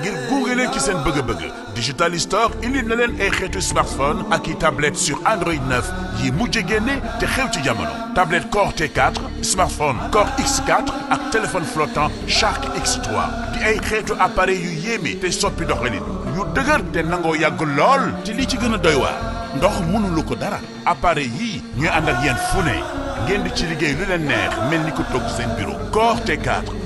ngir gunge leen ci seen bëggë bëgg digital store indi na ay xeetu smartphone ak i tablette sur Android 9 yi mujj génne te xew ci jamono tablette Core T4 smartphone Core X4 ak téléphone flottant Shark X3 di ay xeetu appareil yu yéeme te soppi doxalin yu dëgër te nangoo yàgg lool te li ci gën a doy waar ndox mënulu ko dara appareil yi ñu ànd yen yéen ne ngeen di ci liggéey lu leen neex mel ni ko toog seen bureau Core T4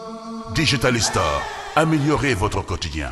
Digital Store, améliorez votre quotidien.